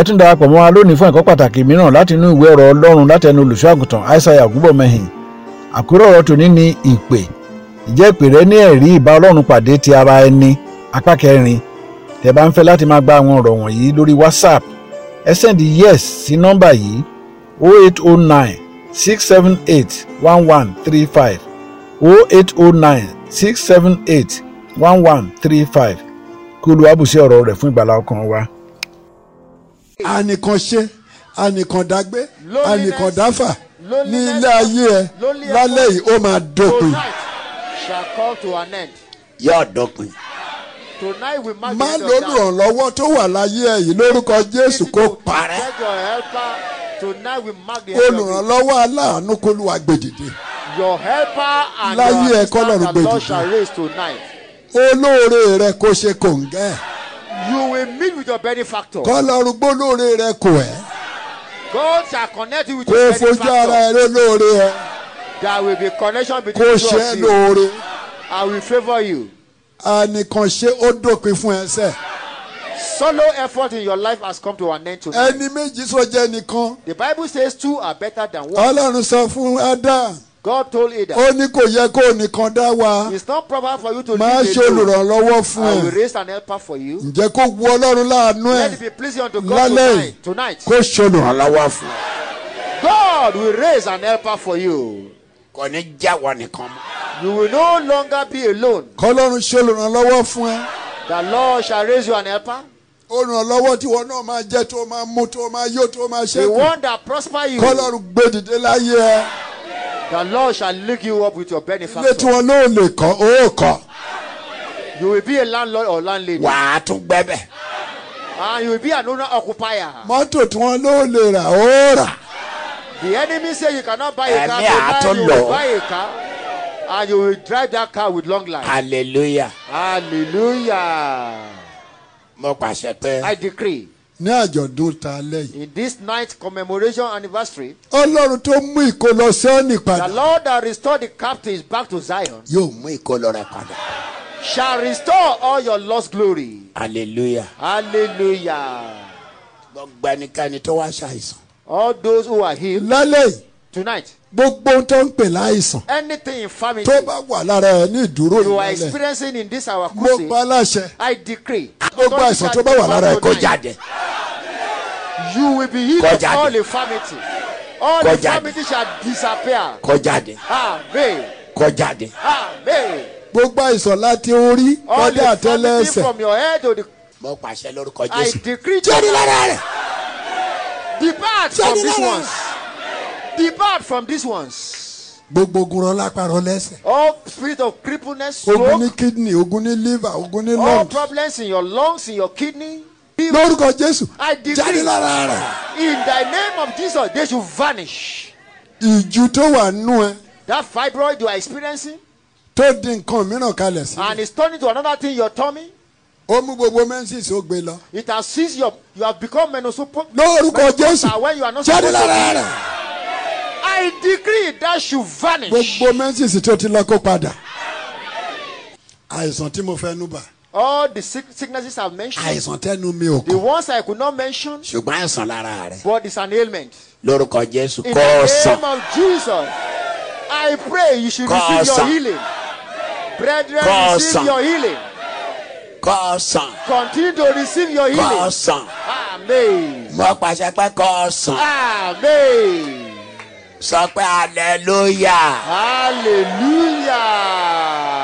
ẹ tún darapọ̀ mọ́ wa lónìí fún ẹ̀kọ́ pàtàkì mìíràn láti inú ìwé ọ̀rọ̀ ọlọ́run láti ẹnu olùṣọ́àgùtàn aishaiya ògúnbọ̀mọyìn àkúrò ọ̀rọ̀ tòní ni ìpè ìjẹ́ ìpè rẹ ní ẹ̀rí ìbá ọlọ́run pàdé ti ara ẹni apá kẹrin tẹ bá ń fẹ́ láti máa gba àwọn ọ̀rọ̀ wọ̀nyí lórí whatsapp ẹ sẹ́ndì yes sí nọ́mbà yìí 0809 678 1135 0809 678 1135 kí olúwa bùsí ọ̀rọ̀ rẹ̀ fún ìgbàlá ọkàn wa ànìkan ṣe ànìkan dágbé ànìkan dáfà ní ilé ayé ẹ lálẹ́ yìí ó máa dópin. yóò dópin. má lólùrànlọ́wọ́ tó wà láyé ẹ yìí lórúkọ Jésù kó parẹ́. olùrànlọ́wọ́ aláàánú kó lù wá gbèdìde. láyé ẹ kọ́ lọ́rùn gbèdìde. olóore rẹ kó ṣe kòǹgẹ́. You will meet with your benefactor. Kọ́ lọ lóore rẹ kò ẹ́. God shall connect you with your benefactor. Kò fojú ara ẹ lóore ẹ. There will be connection between you and you. Kò ṣe é lóore. I will favour you. Ẹnìkan ṣe ó dópin fún ẹ Solo effort in your life has come to an end today. Ẹni méjì sọ jẹ́ nìkan. The Bible says two are better than one. Ọlọ́run sọ fún Adam. God told Ada. Ó ní kò yẹ kó nìkan dá wa. It's not proper for you to leave a group. Máa ṣe olùrànlọ́wọ́ fún ẹ. I will raise an helper for you. Ǹjẹ́ kó wu Ọlọ́run láàánú ẹ̀? Let it be pleasing unto God tonight. Tonight. Kó ṣe olùrànlọ́wọ́ fún ẹ. God will raise an helper for you. Kò ní já wa nìkan mọ́. You will no longer be alone. Kọ́lọ́run ṣe olùrànlọ́wọ́ fún ẹ. The Lord shall raise you an helper olùrànlọ́wọ́ tí wọn náà máa jẹ́ tó máa mú tó máa yó tó máa ṣẹ́kù. The one that prosper you. Kọ́lọ́run gbé dìde láyé ẹ. The Lord shall link you up with your benefactor. Ilé tí wọn náà lè kọ́, ó kọ́. You will be a landlord or landlady. Wà á tún gbẹ́bẹ̀. And ah, you will be an owner occupier. Mọ́tò tí wọn náà lè rà, ó rà. The enemy say you cannot buy a car. Ẹ̀mí àtúndọ̀. Buy a car and you will drive that car with long life. Hallelujah. Hallelujah. Mo pàṣẹ pé. I decree ní àjọ̀dún ta lẹ́yìn. in this night commemoration anniversary. ọlọ́run tó mú ìkólọ sẹ́ni padà. the lord that restored the captives back to zion. yóò mú ìkólọ rẹ padà. shall restore all your lost glory. hallelujah. hallelujah. gbogbo ẹnikẹ́ni tó wá ṣàìsàn. all those who are healed. lálẹ́ yìí. tonight. gbogbo tó ń pè láìsàn. anything infirmity. tó bá wà lára ẹ ní ìdúró ìlú rẹ. you are experiencing in this our crusade. mo pa aláṣẹ. i decree. gbogbo àìsàn tó bá wà lára ẹ kó jáde you will be healed of all infirmity all infirmity shall disappear. kọjáde. amen. kọjáde. amen. gbogbo àìsàn láti orí kọjá àtẹlẹ ẹsẹ. all infirmity from your head to the. mo pàṣẹ lórúkọ jésù. i decree to you. jẹ́ni lára rẹ̀. depart from these ones. depart from these ones gbogbo ogun rán lápá rán lẹ́sẹ̀. all spirit of crippleness stroke. ogun ní kidney ogun ní liver ogun ní lungs. all problems in your lungs in your kidney lórúkọ jésù jáde lára rẹ. in the name of jesus they should vanish. ìjù tó wà nú ẹ. that fibroid you are experiencing. tó di nǹkan mìíràn kalẹ̀ sí. and it's turning to another thing your tummy. ó mú gbogbo menses ó gbé lọ. it has since your you have become menopausal. lórúkọ jésù jáde lára rẹ. I decree that should vanish. gbogbo menses tó ti lọ kó padà. àìsàn tí mo fẹ́ nú bá all the sicknesses I've mentioned. àìsàn tẹnu mi ò kọ. the ones I could not mention. ṣùgbọ́n àìsàn lára rẹ. but it's an ailment. lórúkọ jésù kọ́ ọ̀sán. in the name of Jesus I pray you should receive your healing. brethren receive your healing. Kọ́sàn. Continue to receive your healing. Kọ́sàn. Amen. Mo pàṣẹ pé kọ́sàn. Amen. Sọ pé hallelujah. Hallelujah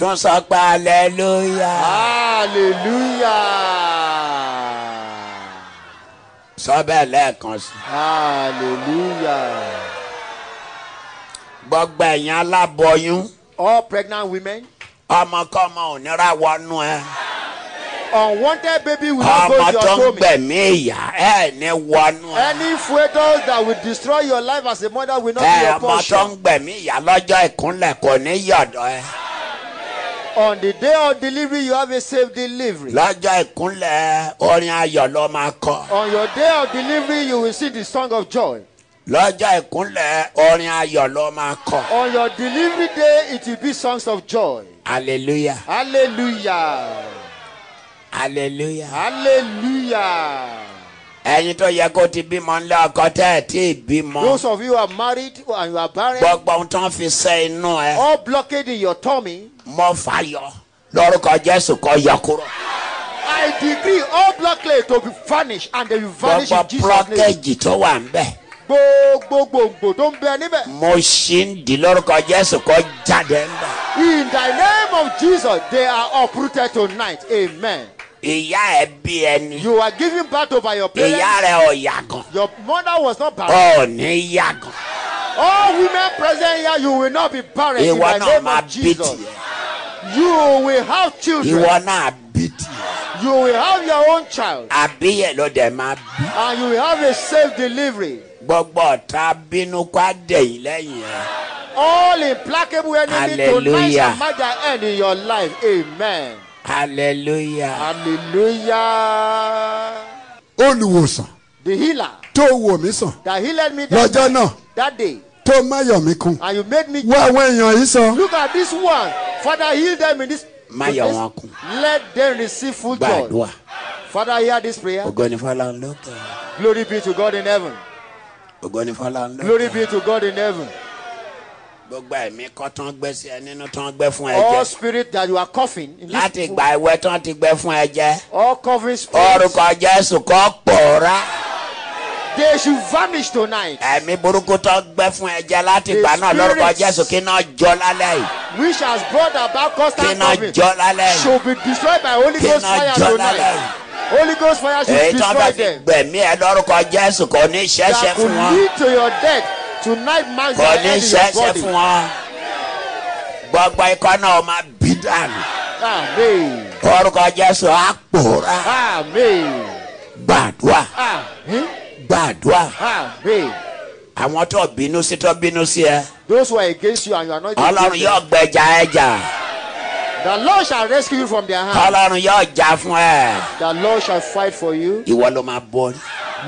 tún sọ pé aleluya. aleluya. sọ lẹ́ẹ̀kan sí. aleluya. gbogbo ẹ̀yin aláboyún. all pregnant women. ọmọkọ́mọ ò nira wọnú ẹ. unwanted baby will not go to your home. ọmọ tó ń gbẹ̀mí ìyá ẹ ní wọnú ẹ. any fetus that will destroy your life as a mother will not be your portion. ẹ ọmọ tó ń gbẹ̀mí ìyá lọ́jọ́ ìkúnlẹ̀ kò ní yọ̀dọ̀ ẹ. On the day of delivery, you have a safe delivery. Lọ́jọ́ ìkúnlẹ̀ orin ayọ̀ ló máa kọ. On your day of delivery, you will see the song of joy. Lọ́jọ́ ìkúnlẹ̀ orin ayọ̀ ló máa kọ. On your delivery day, it will be songs of joy. Hallelujah. Hallelujah. Hallelujah. Hallelujah ẹ̀yin tó yẹ kó ti bímọ ńlẹ ọkọ tẹ ẹ ti bímọ. those of you who are married and you are barren. gbogbo ohun tó ń fi ṣe inú ẹ. all blockade in your tummy. mo fà yọ lórúkọ jésù kó yọ kúrò. I decree all blockade to be vanished and they will vanish Bobo in Jesus' name. gbogbo blockage tó wà bẹ̀. gbogbogbò tó ń bẹ níbẹ̀. mo ṣì ń di lórúkọ jésù kó jáde in the name of Jesus they are uprooted tonight amen. Ìyá ẹ bí ẹni. You are giving birth over your parents. Ìyá rẹ ò yàgàn. Your mother was not barren. Ò ní yàgàn. All women present here, you will not be barren in the name of Jesus. You will have children. Ìwọ náà bí tiẹ̀. You will have your own child. Àbí yẹn ló dẹ̀ máa bí. And you will have a safe delivery. Gbogbo ọ̀tá bínú kó àdẹ̀yìn lẹ́yìn ẹ̀. All implacable enemies to nice and major end in your life. Amen. hallelujah. hallelujah. olùwòsàn. the healer. tó wò mí sàn. that healed me that day. lọ́jọ́ náà. that day. tó máyọ̀ mi kún. and you made me. wá àwọn èèyàn yìí sọ. look at this one father heal them in this. máyọ̀ wọn kún. let them receive full joy. gbàdúrà. father hear this prayer. ògo ni fọlá ń lókè. glory be to God in heaven. ògo ni fọlá ń lókè. glory be to God in heaven gbogbo ẹ̀mí kọ́ tán gbé sí ẹ nínú tán gbé fún ẹ jẹ. all spirit that you are coughing. láti gba ìwé tán ti gbé fún ẹ jẹ. all coughing spirits. orúkọ jésù kó pòórá. they should vanish tonight. ẹ̀mí burúkú tán gbé fún ẹ jẹ láti gbà náà lórúkọ jésù kí náà jọ lálẹ́ yìí. which has brought about constant kí náà jọ lálẹ́ yìí. should be destroyed by holy ghost fire tonight. Holy Ghost fire should destroy them. Èyí tán bá fi gbẹ̀mí ẹ lórúkọ Jésù kò ní ṣẹ́ṣẹ́ fún wọn. That could lead to your death tonight my God, shall end his body. gbogbo ikọ́ náà máa bí dànù. orúkọ jésù á pòórá. gbàdúrà. gbàdúrà. àwọn tó bínú sí tó bínú sí ẹ. those who are against you and you are not. ọlọ́run yóò gbẹjà ẹjà. The Lord shall rescue you from their hand. Ọlọ́run yóò jà fún ẹ. The Lord shall fight for you. Ìwọ ló máa bọ́.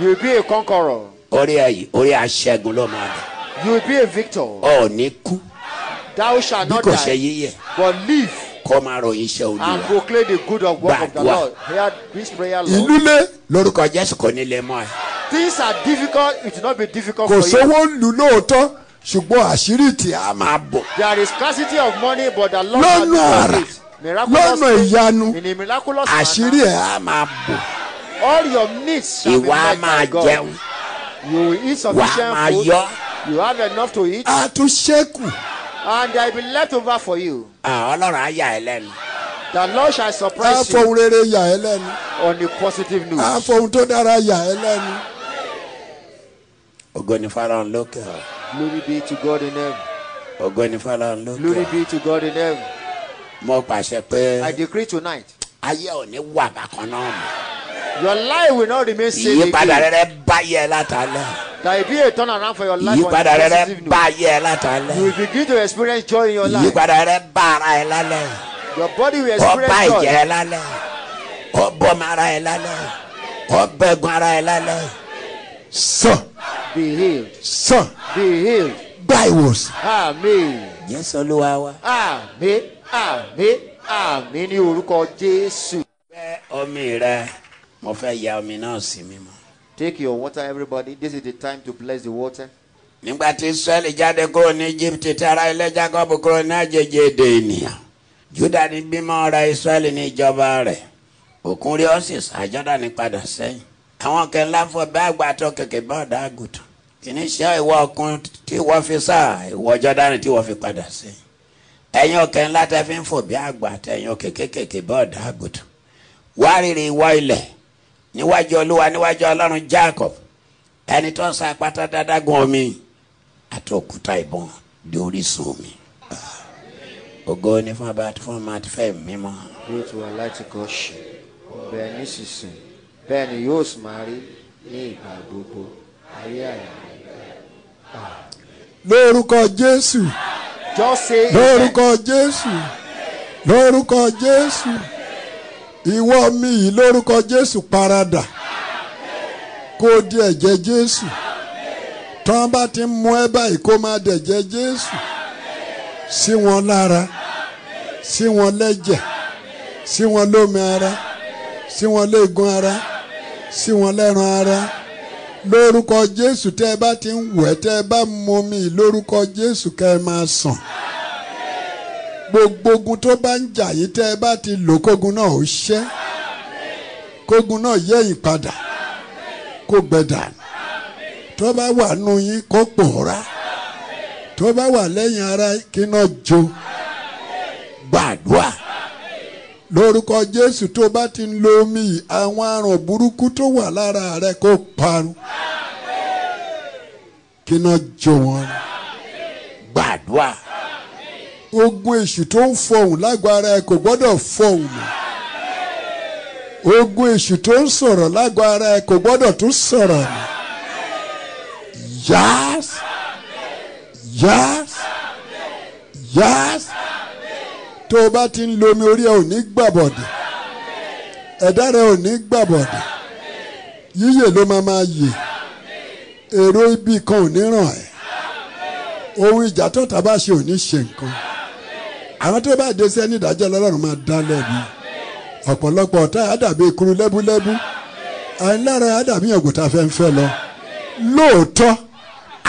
You be a conqueror orí ẹ̀yìn orí aṣẹ́gun ló máa you will be a victor. Oh, ní kú. thou shall not die. bí kò ṣe yíyẹ. but live. kọ́ máa ròyìn iṣẹ́ olúwa. and proclaim the good of work of the lord. hear this prayer lord. ìlú lé lórúkọ jésù kò ní lè mọ́ ẹ. things are difficult it will not be difficult for you. kò sówó lù lóòótọ́ ṣùgbọ́n àṣírí tí a máa ah, bọ̀. there is scarcity of money but the lord has not given it. lọ́nà ìyanu àṣírí ẹ̀ á máa bọ̀. all your needs shall be met by God. ìwà máa jẹun you eat sufficient food. Yo. you have enough to eat. àtúnṣekù. and there will be leftover for you. ọlọ́run á yà ẹ́ The Lord shall surprise you. Àfọ̀hún rere yà ẹ́ lẹ́nu. On the positive news. Àfọ̀hún tó dára yà ẹ́ lẹ́nu. Ògo ni Fáráhùn lókè. Glory be to God in heaven. Ògo ni Fáráhùn lókè. Glory be to God in heaven. Mo pàṣẹ pé. I decree tonight. Ayé ò ní wà bákan náà mọ́ your life will not remain same again. ìyípadà rere bá yẹ látàlẹ́. there will be a turn around for your life. ìyípadà rere bá yẹ látàlẹ́. you will begin to experience joy in your life. ìyípadà rere bá ara ẹ lálẹ́. your body will experience joy. ọba ìjẹ lálẹ́ ọbọmọ ara ẹ lálẹ́ ọbẹ̀gun ara ẹ lálẹ́. son. be healed. son. be healed. by words. amen. jésù olúwa wa. amen amen amen ní orúkọ jésù. bẹ́ẹ̀ ọmọ rẹ mo fẹ́ ya omi náà sí mi mọ́. take your water everybody this is the time to bless the water. nígbà tí israẹli jáde kúrò ní egypt tara ilé jacob kúrò ní àjèjì èdè ènìyàn juda ní bímọ ra israẹli ní ìjọba rẹ̀ òkun rí ọsì sàjọdá ní padà sẹ́yìn àwọn kan láfọ bá àgbàtọ kẹkẹ bá ọdà àgùntàn kìíní ṣe ìwọ ọkùnrin tí wọ́n fi sá ìwọ jọdánì tí wọ́n fi padà sẹ́yìn ẹ̀yin ọkẹ́ ńlá tẹ́ fi ń fò bí àgbà tẹ̀yìn ọkẹ́ kékèké bá ọ̀dà àgùntàn wá rírì ìwọ ilẹ̀ níwájú olúwa níwájú ọlọ́run Jacob ẹni tó sa apáta dáadáa gun omi àti òkúta ìbọn di orísun omi. ògo ni fún abá àti fún ọmọ àti fẹ́ mímọ́. bí o ti wà láti kọ́ ṣe bẹ́ẹ̀ nísinsìnyí bẹ́ẹ̀ ni yóò sì máa rí ní ìgbà gbogbo ayé àyè. lórúkọ Jésù lórúkọ Jésù lórúkọ Jésù ìwọ mi yìí lórúkọ jésù paradà kó o di ẹ̀jẹ̀ jésù tán bá ti mú ẹ báyìí kó máa dẹ̀jẹ̀ jésù sí wọn lára sí wọn lẹ́jẹ̀ sí wọn lómi ara sí wọn léegun ara sí wọn lẹ́ran ara lórúkọ jésù tẹ́ ẹ bá ti ń wẹ̀ tẹ́ ẹ bá mú mi lórúkọ jésù kẹ́ ẹ máa sàn gbogbo ogun tó bá ń jà yìí tẹ́ ẹ bá ti lò kógun náà ó ṣẹ́ kógun náà yẹ̀yìn padà kó gbẹ̀dà tó bá wà nù yín kó pòórá tó bá wà lẹ́yìn ara kí náà jó gbàdúrà lórúkọ Jésù tó bá ti ń lo omi àwọn àrùn burúkú tó wà lára rẹ kó parun kí náà jó wọn gbàdúrà. ogun èṣù tó ń fọhùn ara ẹ kò gbọ́dọ̀ fọhùn mọ́ ogun èṣù tó ń sọ̀rọ̀ ara ẹ kò gbọ́dọ̀ tó sọ̀rọ̀ mọ́ yas yas yas tó o bá ti ń lo orí ẹ ò ní gbàbọ̀dẹ̀ ẹ̀dá rẹ ò ní gbàbọ̀dẹ̀ yíyè ló máa máa yè èrò ibi kan ò ní ràn ẹ́ ohun ìjà tó tàbá ṣe ò ní ṣe nǹkan. àwọn tó bá dé sí ẹni ìdájọ́ ọlọ́run máa dá lẹ́bi ọ̀pọ̀lọpọ̀ ọ̀tá àdàbí ikuru lẹ́búlẹ́bú àìlára àdàbí ọ̀gùntà fẹ́ńfẹ́ lọ lóòótọ́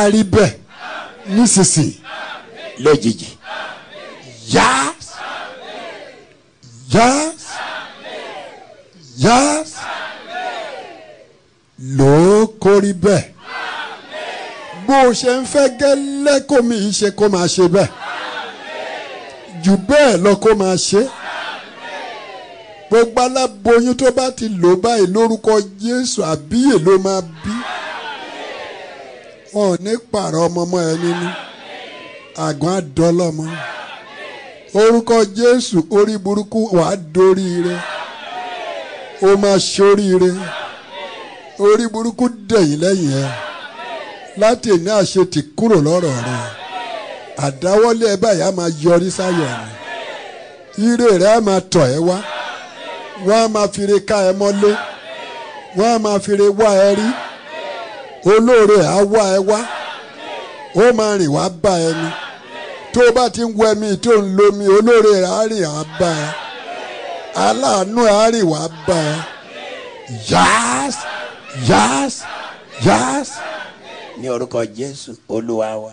àríbẹ̀ nísinsìnyí lójijì yá yá yá lòó kórí bẹ́ẹ̀ bó ṣe ń fẹ́ gẹ́lẹ́ kó mi ṣe kó máa ṣe bẹ́ẹ̀ jù bẹ́ẹ̀ lọ kó máa ṣe gbogbo aláboyún tó bá ti lò báyìí lórúkọ Jésù àbíyè ló máa bí wọn ò ní pààrọ̀ ọmọ ọmọ ẹ nínú àgbọn àdọ́lọ́mọ orúkọ Jésù orí burúkú wàá dorí rẹ ó máa ṣoríire orí burúkú dẹ̀yìn lẹ́yìn ẹ láti ní àṣetì kúrò lọ́rọ̀ rẹ àdáwọ́lé ẹ báyìí á máa yọrí sáyọ̀ ni ire rẹ á máa tọ̀ ẹ́ wá wọ́n á máa fire ká ẹ mọ́lé wọ́n á máa fire wá ẹ rí olóore á wá ẹ wá ó máa rìn wá bá ẹ ni tó o bá ti ń wẹ mi tó ń lo mi olóore rẹ á rìn wá bá ẹ aláàánú ẹ á rìn wá bá ẹ yáás yáás yáás ní orúkọ Jésù Olúwa wa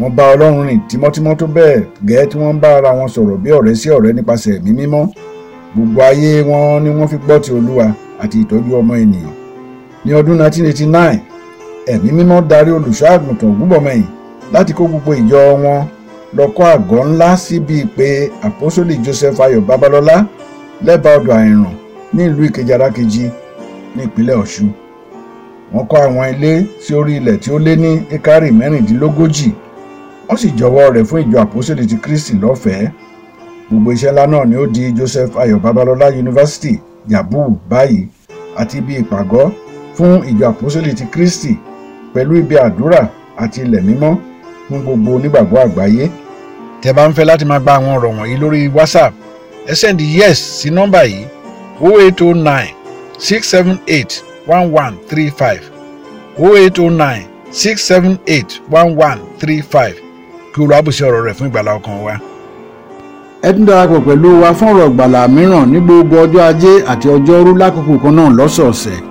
wọ́n bá ọlọ́run rìn tímọ́tímọ́ tó bẹ́ẹ̀ gẹ́ tí wọ́n bá ara wọn sọ̀rọ̀ bí ọ̀rẹ́ sí ọ̀rẹ́ nípasẹ̀ ẹ̀mí mímọ́ gbogbo ayé wọn ni wọ́n fi gbọ́ ti olúwa àti ìtọ́jú ọmọ ènìyàn ní ọdún 1989 ẹ̀mí mímọ́ darí olùṣọ́ àgùntàn ògúnbọ̀mọyìn láti kó gbogbo ìjọ wọn lọ kọ́ àgọ́ ńlá síbi ìpè àpọ́sólì joseph ayọ̀ babalọ́lá lẹ́bàá ọ̀dọ̀ àìràn ní ìlú ìkejì arákejì ní ìpínlẹ̀ ọ̀ṣun wọ́n kọ́ àwọn ilé sí orí ilẹ̀ tí ó lé ní ekari mẹ́rìndínlógójì ó sì jọwọ́ rẹ̀ fún ìjọ àpòsílẹ̀ ti kristi lọ́fẹ̀ẹ́ gbogbo iṣẹ́ ńlá náà ni ó di joseph ayọ̀ babalọ́lá yunifásitì yabu báyìí àti ibi ìpàgọ́ fún ìjọ àpòsílẹ̀ ti kristi pẹ̀lú ibi àdúrà àti ilẹ̀ mímọ́ fún gbogbo onígbàgbọ́ àgbáyé tẹ́ bá ń fẹ́ láti máa gba àwọn ọ̀rọ̀ wọ̀nyí lórí whatsapp ẹ sẹ́ndì yes sí nọ́mbà yìí 0809 678 1135 0809 678 1135 kí Olúwa bùsí ọ̀rọ̀ rẹ̀ fún ìgbàlá ọkàn wa. ẹ tún darapọ̀ pẹ̀lú wa fún ọ̀rọ̀ ìgbàlá mìíràn ní gbogbo ọjọ́ ajé àti ọjọ́rú lákòókò kan náà lọ́sọ̀ọ̀sẹ̀